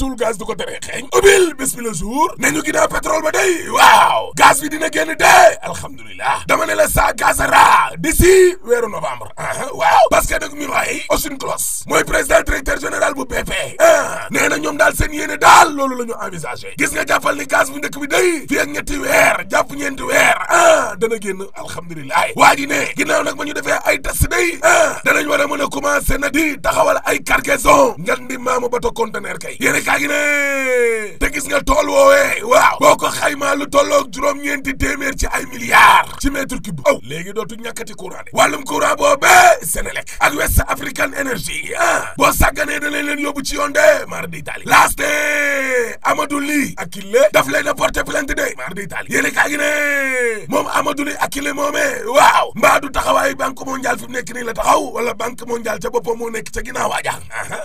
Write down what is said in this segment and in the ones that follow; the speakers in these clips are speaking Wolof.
suul gaz du ko tere xeeñ ubil bés bi la jour nañu ginnaaw pétrole ba day waaw gaz bi dina génn dee alhamdulilah dama ne la ça gazera d'ici weeru uh-huh, waaw parce que nag ñun waay Austin mooy président directeur général bu BP ñoom daal seen yéene daal loolu la ñu envisagé gis nga jàppal ni gaz bu njëkk bi day fi ak ñetti weer jàpp ñeenti weer ah dana génn alhamdulilah waa ji nag ba ñu defee ay test day ah danañ war a mën a commencé na di taxawal ay cargaison ngan di maamu bato conteneur kay yéene kaa gi te gis nga tool woowee waaw boo ko xaymaa lu tolloog juróom-ñeenti téeméer ci ay milliards ci mètre cube aw oh léegi dootu ñàkkati courant de wàllum courant boobee Sénélec ak West d'Italie laaste Amadou Ly ak Kile daf leen a porté plainte de mar d'Italie yéeni kaa gi moom Amadou Ly ak Kile moomee waaw mbaa du taxawaayu banque mondiale fi mu nekk nii la taxaw wala banque mondiale ca boppam moo nekk ca ginnaaw waajax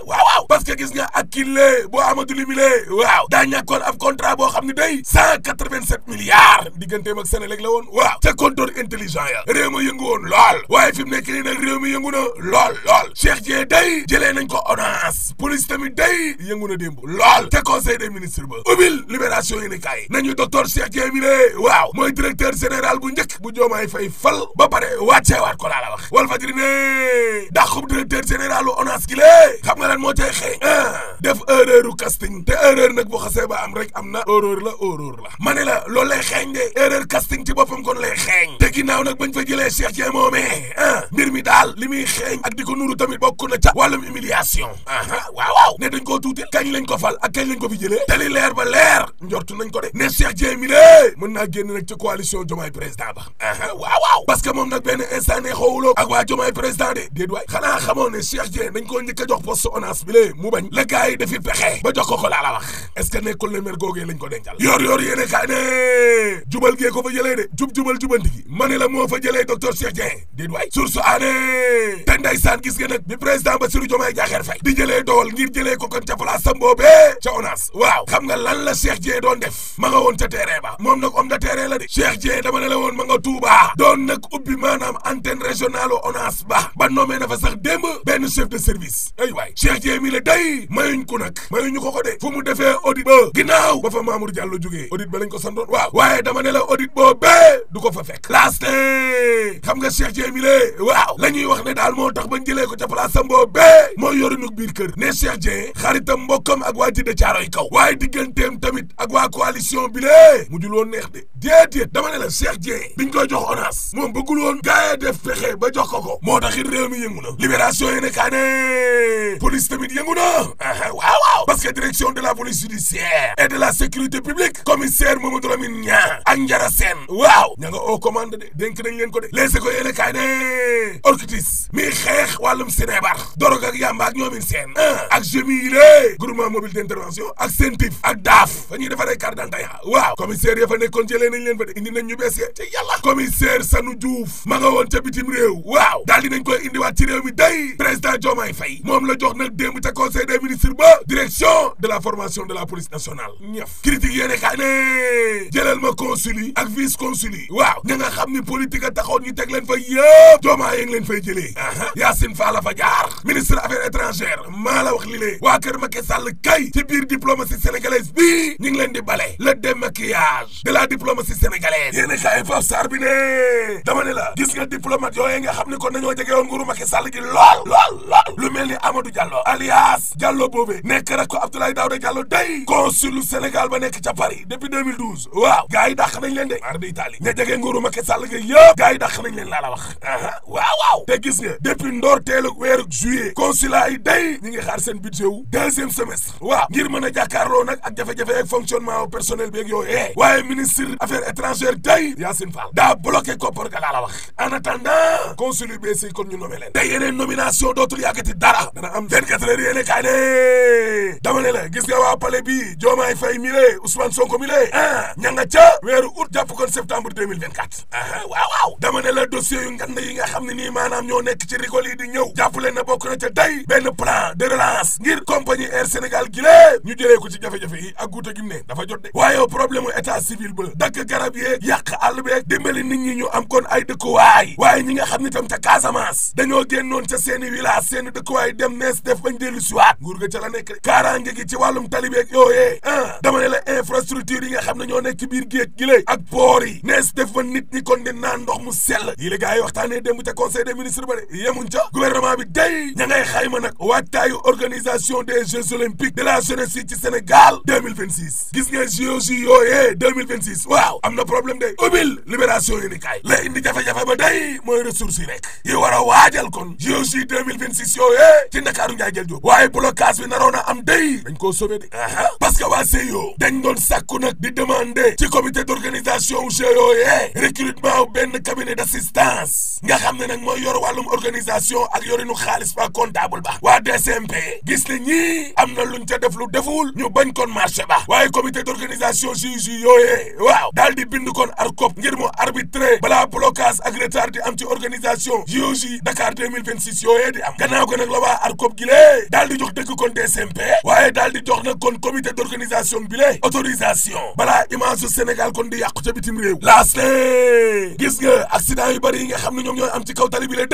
waaw waaw parce que gis nga ak Kile boo Amadou Ly mi lee waaw daa ñàkkoon ab contrat boo xam ne day cent quatre-vingt-sept milliards digganteem ak la woon waaw ca compteur intelligent ya réew ma yëngu woon lool waaye fi mu nekk nii nag réew démb lool te conseil des ministres ba ubbil libération yi nañu docteur Cheikh Dieng bi waaw mooy directeur général bu njëkk bu joomaay fay fal ba pare wàcceewaat ko laa la wax Walfadjri ne dàqub directeur général u ONAS gi lée xam nga lan moo cay xëy def erreur u casting te erreur nag bu xasee ba am rek am na erreur la erreur la ma ne la loolu lay xeeñ de erreur casting ci boppam kon lay xeeñ te ginnaaw nag bañ fa jëlee Cheikh Dieng ah mbir mi daal li muy xeeñ ak di ko nuru tamit bokk na ca wàllum humiliation lañ ko fal ak kañ lañ ko fi jëlee te li leer ba leer njortu nañ ko de ne Cheikh Dieye mi lée mën naa génn nag ci coalition ba aha waaw waaw parce que moom nag benn instant ne xoowuloo ak waa Diomaye président de déet waay xanaa xamoon ne Cheikh Dieye dañ koo njëkk a jox ONAS bi mu bañ la gars yi dafi pexe ba ko ko laa la wax est-ce que nekkul ne mer googee lañ ko dencal yoor yoor jubal gee ko fa jëlee de jub jubal jubanti gi ma la moo fa jëlee docteur Cheikh Dieye boobee ca ONAS waaw xam nga lan la Cheikh Dieye doon def ma nga woon ca terrain ba moom nag homme de terrain la de Cheikh Dieye dama ne la woon ma nga Touba doon nag ubbi maanaam antenne régionale ONAS ba ba nommé na fa sax démb benn chef de service ay waay Cheikh Dieye mi la day mayuñ ko nag mayuñu ko ko de fu mu defee audit ba ginnaaw ba fa Mamour Diallo jógee audit ba lañ ko sandoon waaw waaye dama ne la audit boobee du ko fa fekk laaste xam nga Cheikh Dieye mi le waaw la ñuy wax ne daal moo tax bañ jëlee ko ca place am boobee mooy yorinu biir ne Cheikh Dieye xaritam mbokk comme ak waa Jidde Caaroy Kaw waaye digganteem tamit ak waa coalition bi lee woon neex de déedéet dama ne la Cheikh Dieng biñ koy jox ONAS moom bëggul woon gaayee def pexe ba jox ko moo taxit mi yëngu na libération yéene kaa tamit yëngu na waaw waaw parce que de la police judiciaire et de la sécurité publique commissaire Mamadou Lamine Niang ak Njara Sène waaw ña nga au commande de dénk nañ leen ko de les ko yéene kaa orkitis mi xeex wàllum sinebar dorog groupement mobile d'intervention ak CENTIF ak DAF fa ñuy defaree carte d'identité waaw commissaire ya fa nekkoon jëlee nañ leen fa de indi nañ ñu bees ya ca yàlla commissaire Sanu Diouf ma nga woon ca bitim réew waaw daal dinañ koy indiwaat ci réew mi day président Diomaye Faye moom la jox nag démb ca conseil des ministres ba direction de la formation de la police nationale ñëf critique yéene kaay jëlal ma consul ak vice consul waaw ña nga xam ni politique a taxoon ñu kay ci biir diplomatie sénégalaise bi ñu leen di bale le démaquillage de la diplomatie sénégalaise yéen a kaay Pape Sarr bi ne dama ne la gis nga diplomate yooyu nga xam ne kon nañoo jege woon nguuru Macky Sall gi lool lool lu mel ni Amadou Diallo alias Diallo boobee nekk rek ko Abdoulaye Daouda Diallo day consul Sénégal ba nekk ca Paris depuis waaw gars yi dàq leen de mar d' Italie ña jege nguuru Macky Sall gi yëpp gars yi dàq nañ leen laa la wax waaw waaw te gis wa waaw ngir mën a jàkkaarloo nag ak jafe-jafe ak fonctionnement personnel bi ak yooyu waaye ministre affaires étrangères tey Yassine Fall daa bloqué koppar ga laa wax en attendant consul si kon ñu nommé leen tey yeneen dootul yàggati dara dana am 24 heures yéene kaay ne dama ne gis nga waa palais bi Diomaye Faye mi le Ousmane Sonko mi le ah ña nga ca weeru août jàpp kon septembre 2024 ah waaw waaw dama ne la dossier yu ngand yi nga xam ne nii maanaam ñoo nekk ci rigol yi Sénégal gi lée ñu jëlee ko ci jafe-jafe yi ak guuta a ne dafa jot de waaye problème état civil ba dakk garab yeeg yàq àll beeg ñi ñu am kon ay dëkkuwaay waaye ñi nga xam ne tam ca Casamance dañoo génnoon ca seeni village seeni dëkkuwaay dem nees def bañ dellu siwaat nguur ga ca la nekk gi ci wàllum talibeeg yooyee ah dama ne la infrastructure yi nga xam ne ñoo nekk ci biir géej gi lée ak boor yi nees def ba nit ñi kon di naan ndox mu de yemuñ olympique de la jeunesse yi ci Sénégal 2026 gis nga waaw am na problème de ubil libération yéen i kaay la indi jafe-jafe ba day mooy ressources yi rek yi war a waajal kon JOJ 2026 yooyee ci Ndakaaru njaay jël jóob waaye blocage bi naroon a am day dañ koo sauvé de parce que waa CIO e dañ doon sàkku nag di demander ci comité d'organisation GOE recrutement benn cabinet d'assistance nga xam ne nag mooy yor wàllum organisation ak yorinu xaalis ba comptable lu ñu bañ kon marché ba waaye comité d'organisation juge yooyee waaw daal di bind kon ARCOP ngir mu arbitré balaa blocage ak di am ci organisation juge Dakar 2026 yooyee di am gannaaw ko la waa ARCOP gi lee daal di jox dëkk kon DCMP waaye daal di jox nag kon comité d'organisation bi lee balaa image su kon di yàqu ca bitim réew laast gis nga accident yu bëri xam ne ñoom ñooy am ci kaw tali bi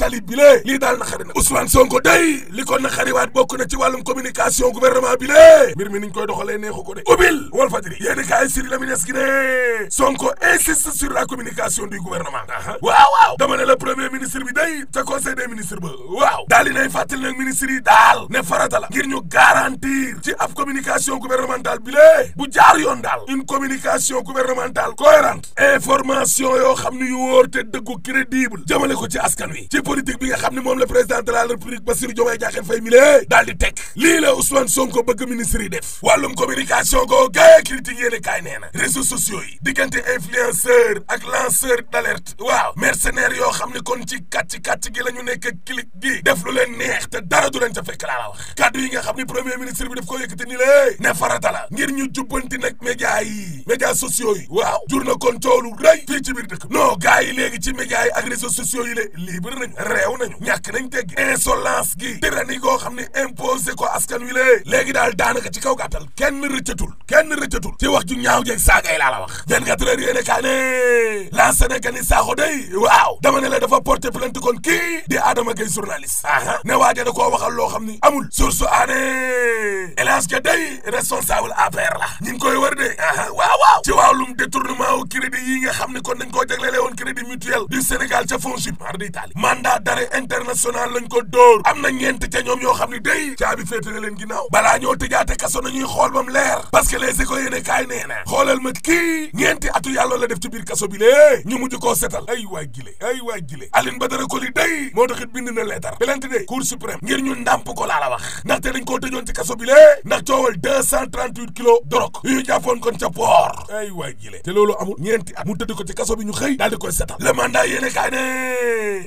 tali bi lée lii daal naxari na Ousmane Sonko day li ko naxariwaat bokk na ci wàllum communication gouvernement bi lée mbir mi niñ koy doxalee neexu ko de ubbil Walf Fadjri yéeni kaay Siri Lamine Niass gi ne Sonko insiste sur la communication di gouvernement aa waaw waaw dama ne la premier ministre bi day ca conseil des ministres ba waaw daal di nay fàttali daal ne farata la ñu garantir ci ab communication gouvernementale bi lée bu jaar yoon daal une communication gouvernementale cohérente information yoo xam ne yu wóor te dëggu crédible jëmale ko ci askan wi acte politique bi nga xam ne moom le président de la république Bassirou Diomaye Diakhar Faye mi lée daal di teg lii la Ousmane Sonko bëgg ministre yi def wàllum communication koo gaay critique yéene kaay nee na réseaux sociaux yi diggante influenceur ak lanceur d'alerte waaw mercenaires yoo xam ne kon ci kàcc kàcc gi la ne nekk clic gi def lu leen neex te dara du leen ca fekk laa la wax kàddu yi nga xam ne premier ministre bi daf koo yëkkati ni lée ne farata la ngir ñu jubbanti nag média yi média sociaux yi waaw jur na kon coow lu rëy fii ci nañ réew nañu ñàkk nañ dégg insolence gi tërani goo xam ne imposé ko askan wi lée léegi daal daanaka ci kaw gàttal kenn rëccatul kenn rëccatul ci wax ju ñaaw jeeg saagay laa la wax 24 heures yéene kaa ne lancé na ka ni saaxo day waaw dama ne la dafa porté plainte kon kii di Adama Gaye journaliste aha ne waaja da koo waxal loo xam ni amul source aane élhage que day responsable APR la ñu ngi koy wër de aha waaw waaw waaw ci wàllum détournement wu crédit yi nga xam ne ko dañ koo jaglele woon crédit mutuel du Sénégal ca FONGIP mar d' Italie mandat d'arrêt international lañ ko dóor am na ñeent ca ñoom ñoo xam ne day caabi féete na leen ginnaaw balaa ñoo tëjaate kaso nañuy xool bam leer parce que les éco yéene kaay nee na ma kii ñeenti atu yàlla la def ci biir kaso bi lée ñu mujj koo setal ay waa gile ay waay gile Aline Badara Koli day moo taxit bind na leetar plainte de koo tëjoon ci kaso bi lée ndax coowal 238 kilos drogue yu ñu jàppoon kon ca port ay waay jile te loolu amul ñeenti at mu ko ci kaso bi ñu xëy daal di koy setal le mandat yéene kaay ne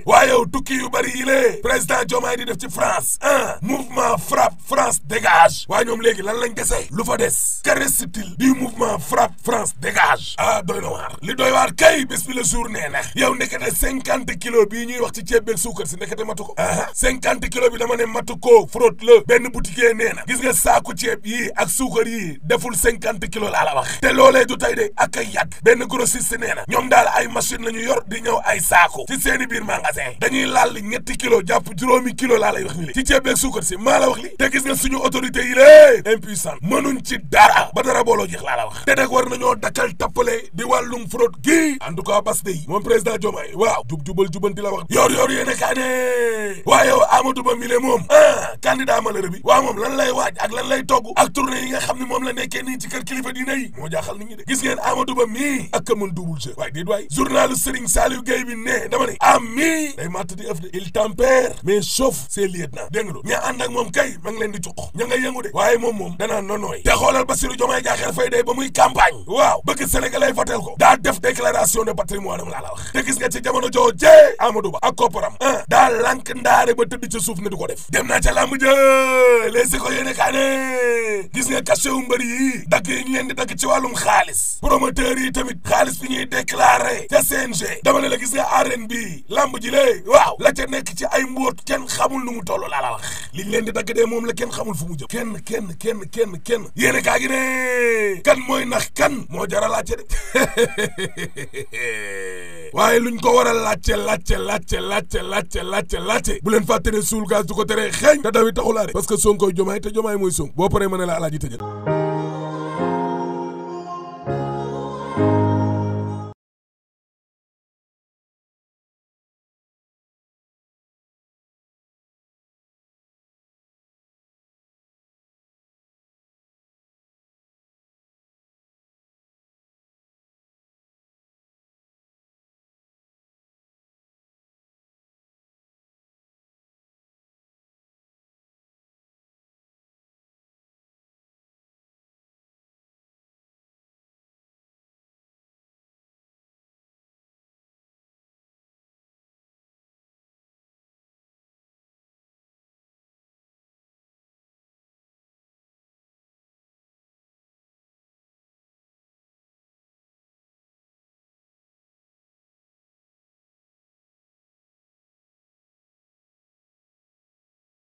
waayow tukki yu bëri yi lée président Diomaye di def ci France ah mouvement frappe France dégage waaye ñoom léegi lan lañ dese lu fa des que reste-t-il du mouvement frappe France dégage ah doy na waar li doy waar kay bés bi la jour nee ndekete cinquante kilos bii ñuy wax ci ceeb beeg suukar si ndekete matu ko ah cinquante kilos bi dama ne matu ko frotte la benn boutique nee na gis nga saaku ceeb yii ak suukar yii deful cinquante bëtu tey de ak ay yàgg benn grossiste nee na ñoom daal ay machine la yor di ñëw ay saako ci seen i biir magasin dañuy laal ñetti kilo jàpp juróomi kilo laa lay wax ni li ci ceeb suukar si maa la wax li te gis nga suñu autorité yi lée impuissant mënuñ ci dara ba dara booloo jeex la wax te nag war nañoo dakkal tappale di wàllum fraude gii en bas de moom président Diomaye waaw jub jubal jubanti la wax yor yor yéene kaa ne waaye Ba mi moom ah candidat de gis ngeen Amadou Ba mii ak ka mën double jeu waaye déet waay journal Serigne Saliou Gueye bi ne dama ne day matt di ëf il tempère mais sauf ses lieutenants dégg nga ña ànd ak moom kay ma ngi di cuq ña nga de waaye moom moom danaa nonooy te xoolal Bassirou Diomaye Diakhar Faye day ba muy campagne waaw bëgg Sénégalais ko daa def déclaration de patrimoine am laa la wax te gis nga ci jamono joojee Ba ak kopparam ah daa lànk ndaare ba tëdd ci def dem naa ca xaalis promoteur yi tamit xaalis bi ñuy déclaré ca CNG dama ne la gis nga arène bi lamb ji lée waaw la ca nekk ci ay mbóot kenn xamul nu mu toll laa la wax liñ leen di dagg dee moom la kenn xamul fu mu jëm kenn kenn kenn kenn ken yéene kaa gi ne kan mooy nax kan moo jaral laajte de waaye luñ ko war a laajte laajte laajte laajte laajte suul gaz du tere xeeñ te dawi taxul aare parce que Sonko jomaay te jomaay mooy Sonko boo paree ma ne la alaaji